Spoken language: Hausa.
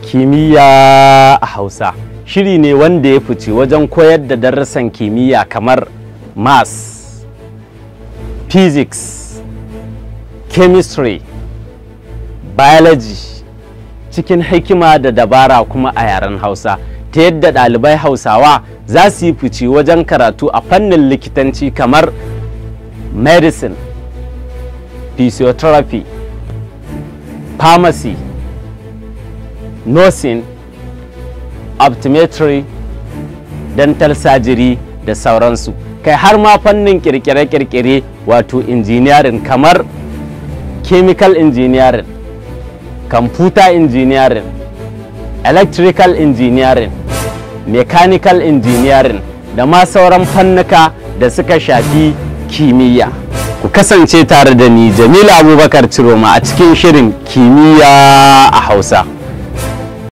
kimiyya a hausa shiri ne wanda ya fice wajen koyar da darussan kimiyya kamar maths physics chemistry biology cikin hikima da dabara kuma a yaren hausa ta yadda ɗalibai hausawa za su yi fice wajen karatu a fannin likitanci kamar medicine physiotherapy pharmacy, nursing, optometry, dental surgery da sauransu. Kai har ma fannin kirkire-kirkire wato engineering kamar chemical engineering, computer engineering, electrical engineering, mechanical engineering da ma sauran fannuka da suka shafi kimiyya. ku kasance tare da ni Jamilu Abubakar Ciroma a cikin shirin kimiyya a Hausa.